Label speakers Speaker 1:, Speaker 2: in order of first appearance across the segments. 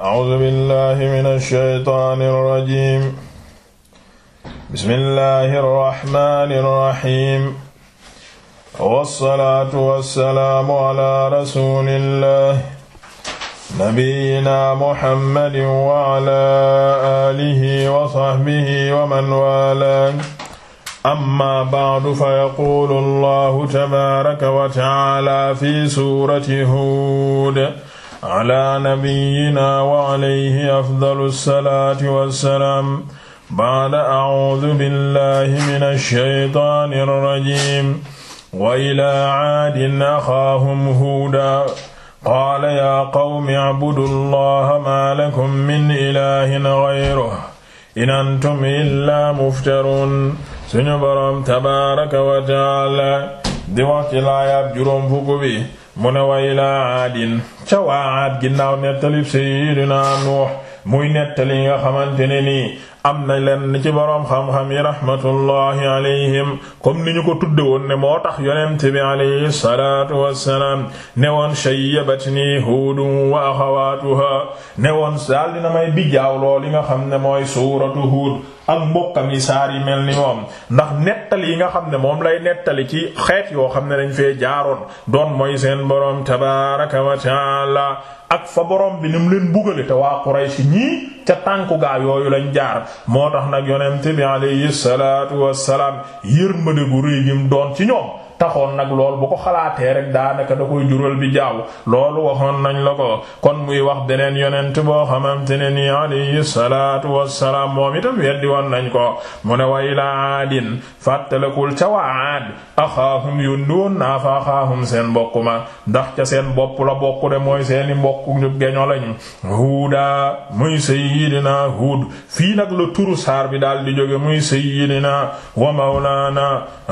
Speaker 1: A'uuzu billaahi mina shaytaani rajiim. Bismillaahi rahmaani rahiim. Wassalaatu wassalaamu alaa rasuulillaahi. Nabiyyinaa Muhammadin wa alaa aalihi wa sahbihi wa man waalaahu. Ammaa ba'du fayaquulu Allaahu tabaaraka wa ta'aalaa fi suurati Huud. ala nabiyyina wa alayhi afdalu salaati wassalaam ba'da a'uudu billahi mina shaytaani rajiim wa ilaa aadin axaahum huuda qaala yaa qawmi a'budu allaha maa lakum min ilaahin ghayruhu in antum illaa muftaruun suñu boroom tabaaraka wa ta'aala di wax ci laayaab juróom fukk bi mu ne wa ilaa aadin ca waa aad ginnaaw nettalib sayyidina Nuux muy nettali nga xamante ne nii am na leen ci boroom xam-xam yi rahmatullahi alayhim comme ni ñu ko tudde woon ne moo tax yonent bi alayhi salaatu wassalaam ne woon shayyabatni huudun wa axawaatuha ne woon daal dina may bijaaw lool li nga xam ne mooy suuratu Huud ak mbokkam yi saar yi mel ni moom ndax nettali yi nga xam ne moom lay nettali ci xeet yoo xam ne dañ fee jaaroon doon mooy seen boroom tabaaraka wa taala ak fa borom bi ni mu leen bugale te waa Quraysh ñii ca tànku gaa yooyu lañ jaar moo tax nag yonent bi alayhi salaatu wassalaam yërmande gu rëy gi doon ci ñoom taxoon nag loolu bu ko xalaatee rek daanaka da koy jural bi jaaw loolu waxoon nañ la ko kon muy wax beneen yonent boo xamante ne nii alayhi salaatu wassalaam moom itam weddi won nañ ko mu ne wa ila aadin fàttalakul ca waa aad axaahum yónni woon naa fa axaahum seen mbokk ma ndax ca seen bopp la bokk de mooy seeni mbokk ñu geño lañ huuda muy sayyidina huud fii nag la turu saar bi daal di jóge muy sayyidina wa mawlaana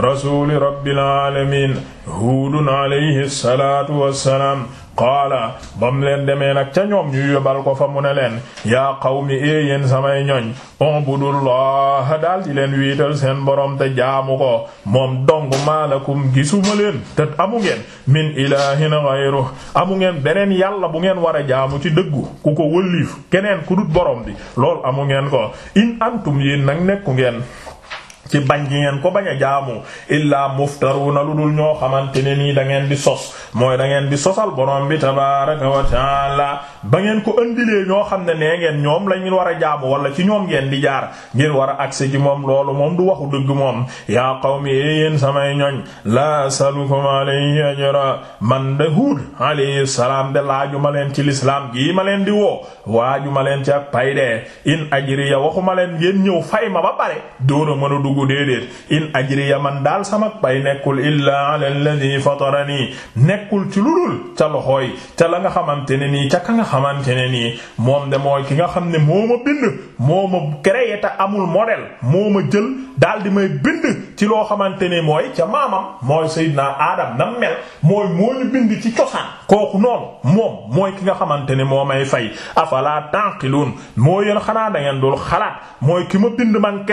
Speaker 1: rasuuli rabbil aalamiin alamin huudun alayhi salaatu wassalaam qaala ba mu leen demee nag ca ñoom ñu yóbbal ko fa mu ne leen yaa qawmi ee yéen samay ñoñ ubudullaha daal di leen wiital seen borom te jaamu ko moom dong maalakum gisuma leen te amu ngeen min ilahin ghayru amu ngeen beneen yàlla bu ngeen war a jaamu ci dëggu ku ko wëlliif keneen ku dut borom bi lool amu ngeen ko in antum yéen nag nekku ngeen ci bañ gi ngeen ko bañ a jaamu illaa na lu dul ñoo xamante ne nii dangeen di sos mooy da ngeen di sosal borom bi tabaaraka wa taala ba ngeen ko andilee ñoo xam ne nee ngeen ñoom lañu war a jaamu wala ci ñoom ngeen di jaar ngeen war a agsi ci moom loolu moom du waxu dëgg moom yaa qawmi eh yéen samay ñoñ laa salukum alayhi ajra man de Huud alayhi salaam de laaju ma leen ci lislaam gii ma leen di woo waaju ma leen ci ak pay de in ajriya waxu ma leen ngeen ñëw fay ma a dugg dugg déedéet in ajriya man daal sama pay nekkul illaa ala alladhi fatarani nekkul ci lulul ca loxooy ca la nga xamante ne nii ca ka nga xamante ne nii moom de mooy ki nga xam ne moo ma bind moo ma créé te amul modèle moo ma jël daal di may bind ci loo xamante ne mooy ca maamam mooy sayyidna Adam nam mel mooy moo ñu bind ci cosaan kooku noonu moom mooy ki nga xamante ne moo may fay afala taqilun moo yéen xanaa da dul xalaat mooy ki ma bind man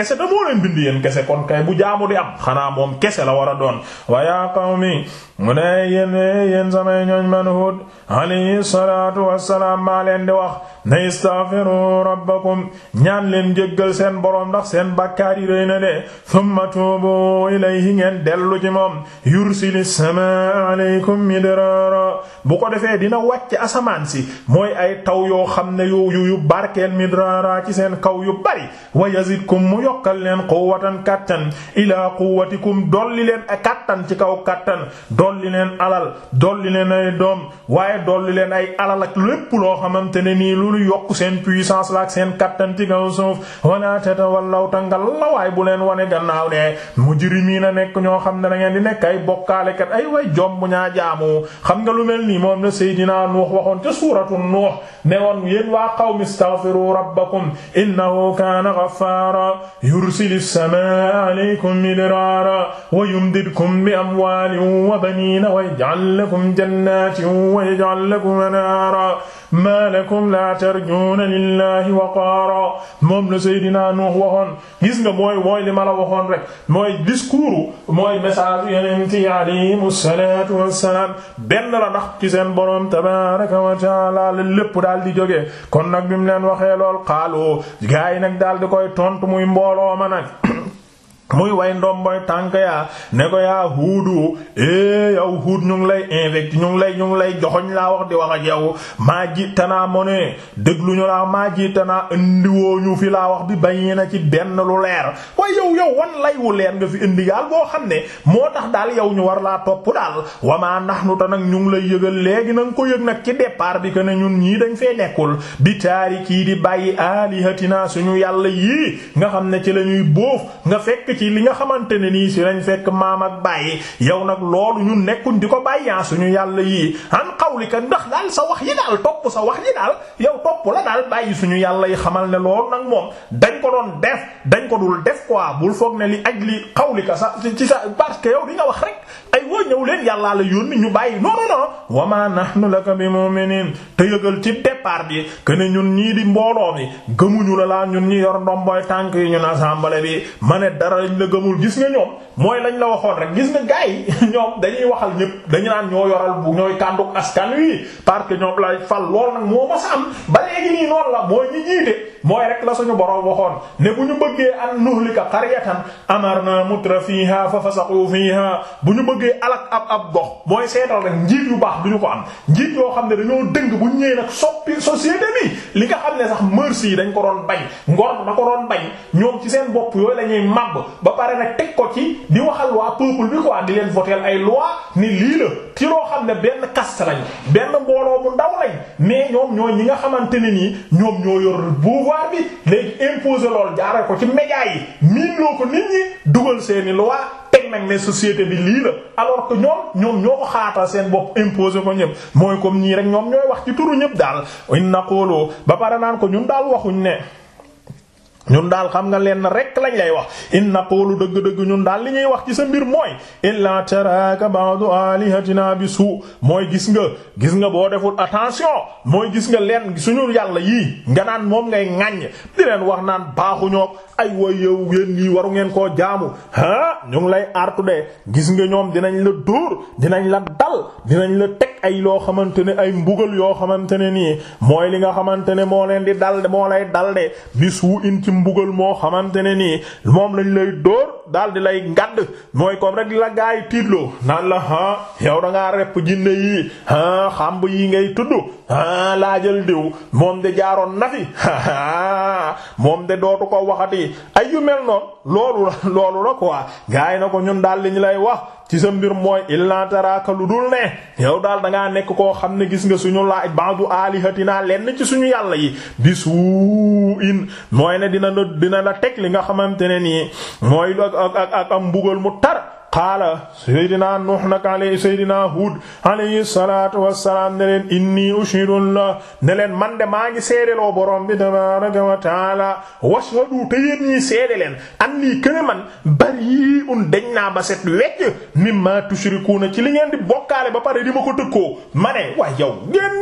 Speaker 1: kese kon kay bu jaamu di am xanaa moom kese la war a doon wa yaa qawmi mu ne yéen yéen samay ñooñ man Hud alayhi salaatu wassalaam maa leen di wax na istaghfiru rabbakum ñaan leen jéggal seen boroom ndax seen bàkkaar yi rëy na de thumma tuubu ilayhi ngeen dellu ci moom yursili samaa alaykum midrara bu ko defee dina wàcc asamaan si mooy ay taw yoo xam ne yu yu barkeel midrara ci seen kaw yu bari wa yazidkum mu yokkal leen quwwatan kàttan ilaa quwwatikum dolli leen ak kàttan ci kaw kàttan dolli leen alal dolli leen ay doom waaye dolli leen ay alal ak lépp loo xamante ne nii lu ñu yokk seen puissance la ak seen kàttan ci kaw suuf ta tatawallaw tangal la waaye bu leen wane gannaaw ne mujrimiina nekk ñoo xam ne da di nekk ay bokkaalekat ay way jom ñaa jaamu xam nga lu mel nii moom la Seydina Nuux waxoon ca suuratu Nuux ne woon yéen waa qawmi istaghfiru rabbakum innahu alaykum idraara wa yumdidkum bi amwaalin wa baniina wa yaj'al lakum jannaatin wa yaj'al lakum anhaara maa lakum laa tarjuuna lillaahi waqaara moom la Seydina Nuux waxoon gis nga mooy mooy li ma la waxoon rek mooy discours mooy message yonent yi alayhimu salaatu wassalaam benn la ndax ci seen boroom tabaaraka wa ta'aala la lépp daal di jógee kon nag bi mu leen waxee lool xaalu gaa yi nag daal di koy tontu muy mbooloo ma nag muy way ndomboy tànk yaa ne ko yaa huudu eh yow huud ñu ngi lay invect ñu ngi lay ñu ngi lay joxoñ laa wax di wax ak yow maa ji tanaa mo ne déglu ñu laa maa ji tanaa indiwoo ñu fi laa wax bi bañee na ci benn lu leer waaye yow yow wan lay wu leer nga fi indi daal boo xam ne moo tax daal yow ñu war laa topp daal wamaa ndax nu ta nag ñu lay yëgal léegi na nga ko yëg nag ci départ bi ko ne ñun ñii dañ fee nekkul bi taari kii di bàyyi alihatina suñu yàlla yii nga xam ne ci nekk li nga xamante ne nii si lañ fekk maam ak bàyyi yow nag loolu ñun nekkuñ di ko bàyyi ah, suñu yàlla yi qawlika ndax daal sa wax yi daal topp sa wax yi daal yow topp la daal bàyyi suñu yàlla yi xamal ne loolu nag moom dañ ko doon def dañ ko dul def quoi bul foog ne li ajli qawlika sa ci sa parce que yow di nga wax rek ay woo ñëw leen yàllaa la yónni ñu bàyyi non non non wa ma nahnu laka bi mu'minin te yëgal ci départ bi que ne ñun ñii di mbooloo mi gëmuñu la laa ñun ñi yor ndomboy tànk yi ñun assemblée bi ma ne dara lañ la gëmul gis nga ñoom mooy lañ la waxoon rek gis askan wi parce que ñoom lay fal lool nag moo ma sa am ba léegi nii noonu la mooy ñi jiite mooy rek la suñu borom waxoon ne bu ñu bëggee an nuhlika qaryatan amarna mutra fiha fa fasaqu fiha bu ñu bëggee alak ab ab dox mooy seetal rek njiit yu baax du ko am njiit yoo xam ne dañoo dëng bu ñëwee nag soppi société bi li nga xam ne sax merci yi dañ ko doon bañ ngor ma ko doon bañ ñoom ci seen bopp yooyu la ñuy màbb ba pare nag teg ko ci di waxal waa peuple bi quoi di leen voter ay loi ni lii la ci loo xam ne benn caste lañ benn mbooloo bu ndaw lañ mais ñoom ñooy ñi nga xamante ne nii ñoom ñoo yor pouvoir bi léegi imposer lool jaaree ko ci médias yi miin loo ko nit ñi dugal seeni loi teg nag ne société bi lii la alors ko ñoom ñoom ñoo ko xaatal seen bopp imposer ko ñëpp mooy comme ñii rek ñoom ñooy wax ci turu ñëpp daal in naqulu ba pare naan ko ñun daal waxuñ ne ñun daal xam nga leen rek lañ lay wax in lu dëgg-dëgg ñun daal li ñuy wax ci sa mbir mooy illa taraka ba'du alihatina bi suu mooy gis nga gis nga boo deful attention mooy gis nga leen suñu yàlla yii nga naan moom ngay ŋàññ di leen wax naan baaxuñoo ay way yow ngeen yii waru ngeen koo jaamu ah ñu ngi lay artu de gis nga ñoom dinañ la dóor dinañ la dal dinañ la teg ay loo xamante ne ay mbugal yoo xamante ne nii mooy li nga xamante ne moo leen di dal moo mbugal moo xamante ne nii moom lañ lay dóor daal di lay ngadd mooy comme rek la gaay tiitloo naan la ha yow da ngaa repp jinne yi ha xamb yi ngay tudd ha laajal diw moom de jaaroon na moom de dootu ko waxati ay yu mel noonu loolu la loolu la quoi gaay na ko ñun daal ñu lay wax ci sa mbir mooy illaa taraaka lu dul ne yow daal da ngaa nekk koo xam ne gis nga suñu laaj ba'du alihatina lenn ci suñu yàlla yi bisu in mooy ne dina la dina la teg li nga xamante ne nii mooy ak ak ak am mbugal mu tar qaala seydina nuux nag alay seydina huud alayhi salaatu wassalaam leen inni ushidu la ne leen man de maa ngi seedeloo borom bi tabaaraka wa taala washhadu te yéen seede leen anni këne man bari'un dañ naa ba set wecc mimma tushrikuuna ci li ngeen di bokkaale ba pare di ma ko tëkkoo ma ne waa yow ngeen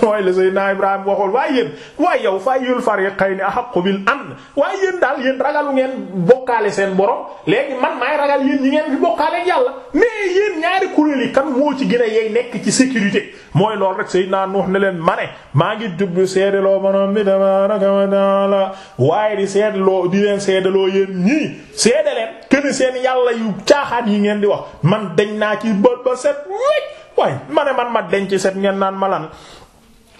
Speaker 1: mooy la Seydina Ibrahima waxoon waaye yéen waaye yow fayyul fariqayni bil amn waaye yéen daal yéen bokkaale seen borom léegi man maay ragal yéen ñi ngeen bokkaale yàlla mais yéen ñaari kuréel yi kan moo ci gën a yey ci sécurité mooy lool rek Seydina Nuux ne leen ma maa ngi jublu seedeloo borom bi tabaaraka wa taala waaye di loo di leen seedeloo yéen ñii seede leen kenn seen yàlla yu caaxaan yi ngeen di wax man dañ naa ci bët ba set wécc waaye ma ne man ma denc set ngeen naan malan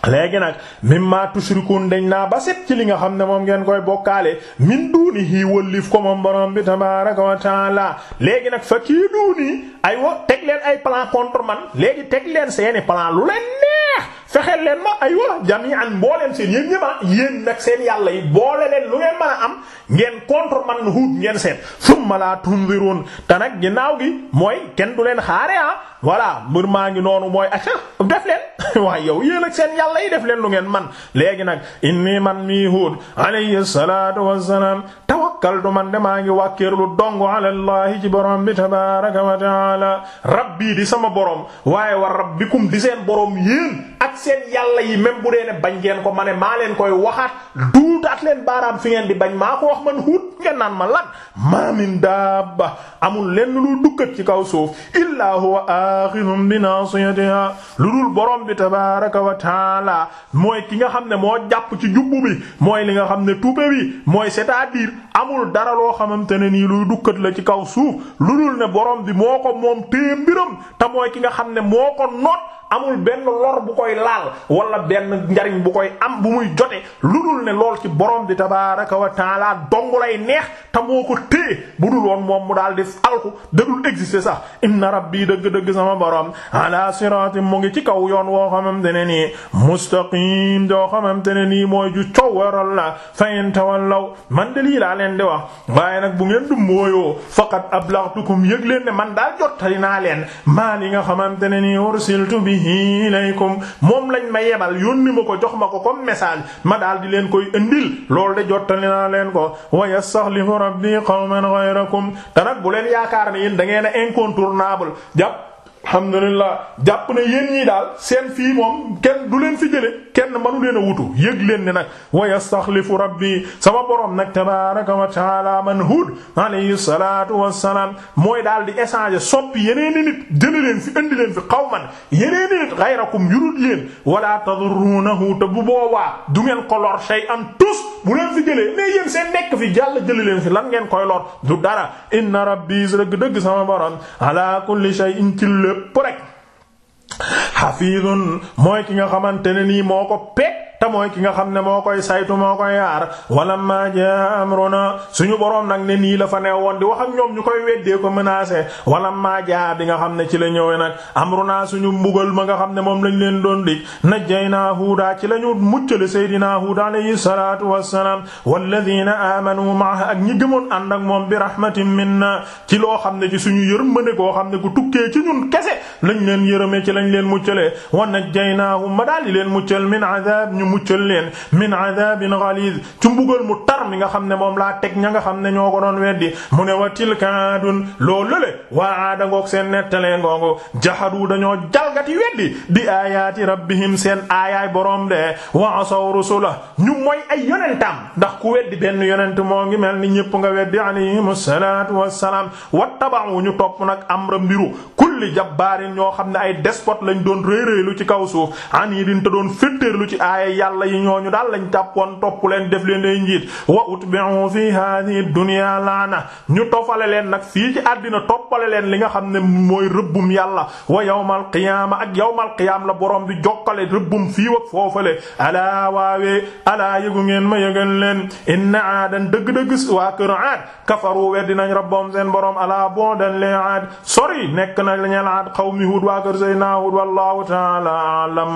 Speaker 1: léegi nag mimma tushrikun dañ naa ba set ci li nga xam ne moom ngeen koy bokkaale min duuni hii wëllif ko moom borom bi tabaaraka wa taala léegi nag fa kii duuni ay wo teg leen ay palan contre man léegi teg leen seeni plan lu leen fexeel leen ma aywa jami'an mbooleem seen yéen ñëma ah, yéen nag seen yàlla yi boole leen lu ngeen am ngeen contre man Huud ngeen seet summa la tunzirun te nag ginnaaw gi mooy kenn du leen xaare ah voilà mbir maa ngi noonu mooy acca def leen waaye yow yéen ak seen yàlla yi def leen lu ngeen man léegi nag inni man mii Huud alayhi salaatu wassalaam tawakkaltu man de maa ngi wàkkeerlu dong ala llahi ci borom bi tabaaraka wa ta'aala rabbi di sama borom waaye wa seen yàlla yi même bu dee ne bañ ngeen ko ma maa leen koy waxat duutaat leen baaraam fi ngeen di bañ maa ko wax man huut ngeen naan ma lan ma min dabba amul lenn lu dukkat ci kaw suuf illaa huwa axirun bi nasiyatiha lu dul borom bi tabaraka wa taala mooy ki nga xam ne moo jàpp ci jubbu bi mooy li nga xam ne tupe bi mooy cest à amul dara loo xamante ne nii luy dukkat la ci kaw suuf lu dul ne boroom bi moo ko moom téye mbiram te ki nga xam ne moo ko noot amul benn lor bu koy laal wala benn njariñ bu koy am bu muy jote lu dul ne lool ci boroom bi tabaaraka wa taala dong lay neex te ko téye bu dul woon moom mu daal di alku da dul exister sax inna rabbi dëgg-dëgg sama boroom ala siratim mu ngi ci kaw yoon woo xamante ne nii mustaqim doo xamamte ne nii mooy ju coow waral leen di wax waaye nag bu ngeen du mooyoo faqad ablaghtukum yëg leen ne man daal jottali naa leen maa li nga xamante ne nii ursiltu bihi ilaykum moom lañ ma yebal yónni ma ko jox ma ko comme message ma daal di leen koy indil loolu de jottali naa leen ko wa yastakhlifu rabbi qawman ghayrakum te nag bu leen yaakaar ne yéen da a incontournable jàpp alhamdulillah jàpp na yéen ñii daal seen fii moom kenn du leen fi jële kenn manu leen a wutu yëg leen ne nag wa yastaxlifu rabbi sama borom nag tabaraka wa taala man Hud alayhi salatu wassalaam mooy daal di échanger soppi yeneeni nit jële leen fi indi leen fi qawman yeneeni nit ghayrakum yurut yéen wala tadurrunahu te bu boobaa du ngeen ko lor shay'an tus bu leen fi jëlee mais yéen seen nekk fi jàll jële leen fi lan ngeen koy lor du dara inna rabbi dëgg dëgg sama borom lépp rek xafiidun mooy ki nga xamante ne nii moo ko pekk te mooy ki nga xam ne moo koy saytu moo koy yaar walamma jaa su suñu boroom nag ne nii la fa ne woon di wax ak ñoom ñu koy weddee ko menacé walamma jaa bi nga xam ne ci la ñëwee nag amruna suñu mbugal ma nga xam ne moom lañ leen doon dig najjaynaa huuda ci la ñu muccale seydinaa huuda alayhi salaatu wassalaam walladina amanu maaha ak ñi gëmoon ànd ak moom bi rahmatin minna ci loo xam ne ci suñu yërmande koo xam ne ku tukkee ci ñun kese lañ leen yërëmee ci lañ leen muccale wa najjaynaahum ma daal di leen muccal min azab muccal leen min adabin ghaliz ci mbugal mu tar nga xam ne moom laa teg ña nga xam ne ñoo ko doon weddi mu ne wa tilkaadun loolu le waa aada ngoog seen nettalee ngoongu jahadu dañoo jalgati weddi di aayaati rabbihim seen aayaay borom de wa asaw rusula ñu mooy ay yonentam ndax ku weddi benn yonent moo ngi mel ni ñépp nga weddi alayhim salaatu wassalaam wu ñu topp nag amra mbiru kulli jabbaarin ñoo xam ne ay despote lañ doon réy réylu ci kaw suuf yàlla yi ñooñu daal lañ tàppoon topp leen def leen ay njiit wa utbi'u fi hadhihi dunya laana ñu tofale leen nag fii ci àddina toppale leen li nga xam ne mooy rëbbum yàlla wa yawmal qiyaama ak yawmal qiyaam la borom bi jokkale rëbbum fii ak foofale alaa waawee alaa yëgu ngeen ma yëgal leen inna aadan dëgg-dëgg waa kër aad kafaru weddi nañ rabbom seen borom alaa bondan lee aad sori nekk na lañu aad qawmi hud waa kër sayna hud wallahu ta'ala alam